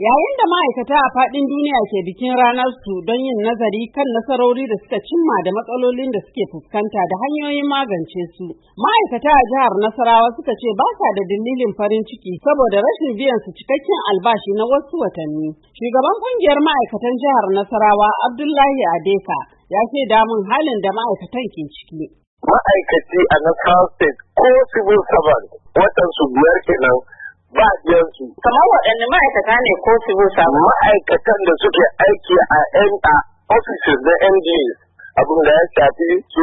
Yayin da ma'aikata a faɗin duniya ke bikin ranar su don yin nazari kan nasarori da suka cimma da matsalolin da suke fuskanta da hanyoyin magance su, ma'aikata a jihar Nasarawa suka ce ba sa da dalilin farin ciki saboda rashin biyan su cikakken albashi na wasu watanni. Shugaban ƙungiyar ma'aikatan jihar Nasarawa Abdullahi Adeka ya ce damun halin da ma'aikatan ke ciki. Ma'aikaci a Nasarawa ko civil servant watan su biyar kenan ba biyansu. Kamar waɗanne ma'aikata ne ko bu samu. Ma'aikatan da suke aiki a yan a offices na NGOs abin da ya shafi su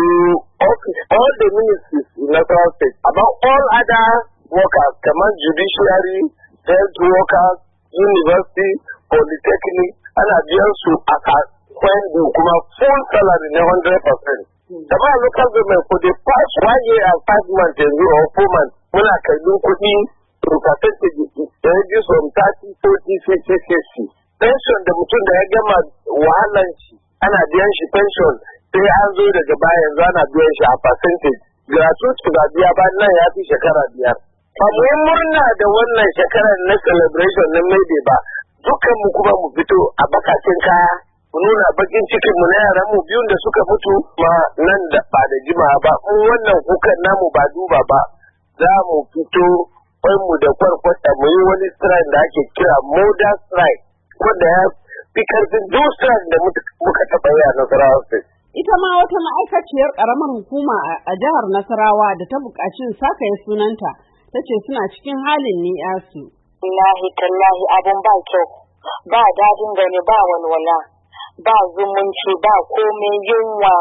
office all the ministries the South State. About all other workers kamar judiciary, health workers, university, polytechnic ana biyan su a kwangu kuma full salary na 100%. Jama'a local government for the past one year and five months yanzu or four months muna kallon kuɗi to da ya ji 30 40 50 60 pension da mutum da ya gama wahalan shi ana biyan shi pension sai an zo daga baya yanzu ana biyan shi a percentage gratuity ga biya ba nan ya fi shekara biyar ba mu murna da wannan shekarar na celebration na maide ba dukkan mu kuma mu fito a bakakin kaya mu nuna bakin cikin mu na yaran mu biyun da suka mutu ma nan da ba da jima ba mu wannan kukan namu ba duba ba za mu fito mu da kwarkwata mu yi wani strike da ake kira modern strike wanda ya fi karfin duk strike da muka taɓa yi a nasarawa ita ma wata ma'aikaciyar ƙaramar hukuma a jihar Nasarawa da ta buƙaci sakaye sunanta ta ce suna cikin halin ni yasu. Lahi tallahi abin ba kyau, ba dadin gani ba walwala, ba zumunci ba komai yunwa,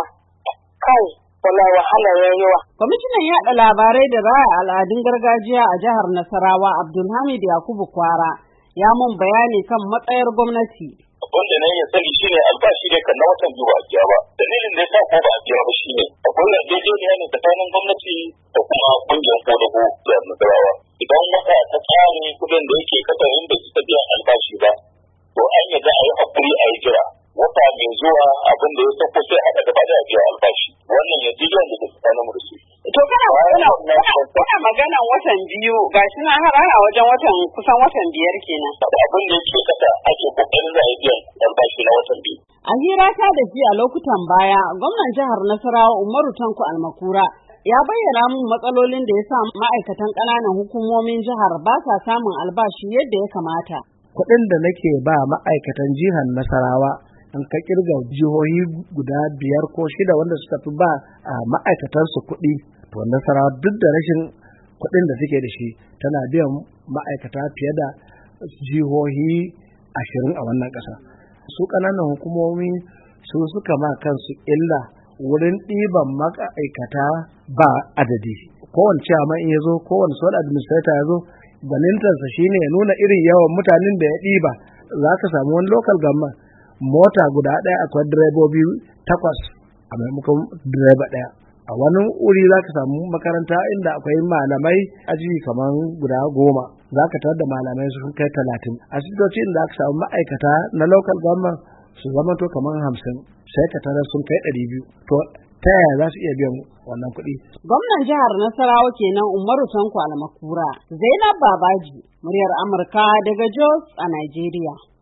kai wallahi wahala ya yawa. Kwamishinan yaɗa labarai da raya al'adun gargajiya a jihar Nasarawa Abdulhamid Yakubu Kwara ya mun bayani kan matsayar gwamnati. Abin da na ya sani shi ne albashi ne kan na watan biyu a biya ba. Dalilin da ya sa ko ba a biya ba shi ne. Akwai yarjejeniya ne tsakanin gwamnati da kuma ƙungiyar kodago jihar Nasarawa. Idan wata ta tsare kuɗin da yake kasarin da su ta biya albashi ba, to an yadda a yi haƙuri a yi jira. Wata mai zuwa abin da ya sako kuna magana watan biyu ga shi na harara wajen watan kusan watan biyar kenan. Abin da ke kasa ake kokarin za a don dan bashi na watan biyu. A hira ta da jiya lokutan baya gwamnan jihar Nasarawa Umaru Tanko Almakura ya bayyana mun matsalolin da ya sa ma'aikatan ƙananan hukumomin jihar ba sa samun albashi yadda ya kamata. Kuɗin da nake ba ma'aikatan jihar Nasarawa an ka kirga jihohi guda biyar ko shida wanda suka fi ba a ma'aikatansu kuɗi to nasara duk da rashin kuɗin da suke da shi tana biyan ma'aikata fiye da jihohi ashirin a wannan ƙasa su ƙananan hukumomi su suka ma kansu illa wurin ɗiban ma'aikata ba adadi kowane ciyaman in ya zo kowane sol administrator ya zo gwanintarsa shine ya nuna irin yawan mutanen da ya ɗiba za ka samu wani local gamma mota guda ɗaya akwai direbobi takwas a maimakon direba ɗaya a wani wuri za ka samu makaranta inda akwai malamai aji kamar guda goma za ka tarar da malamai su kai talatin a asibitoci inda aka samu ma'aikata na lokal government su zama to kamar hamsin sai ka tarar sun kai ɗari biyu to ta yaya za su iya biyan wannan kuɗi. Gwamnan jihar Nasarawa kenan Umaru Tanko Almakura, Zainab Babaji, muryar Amurka daga Jos a Najeriya.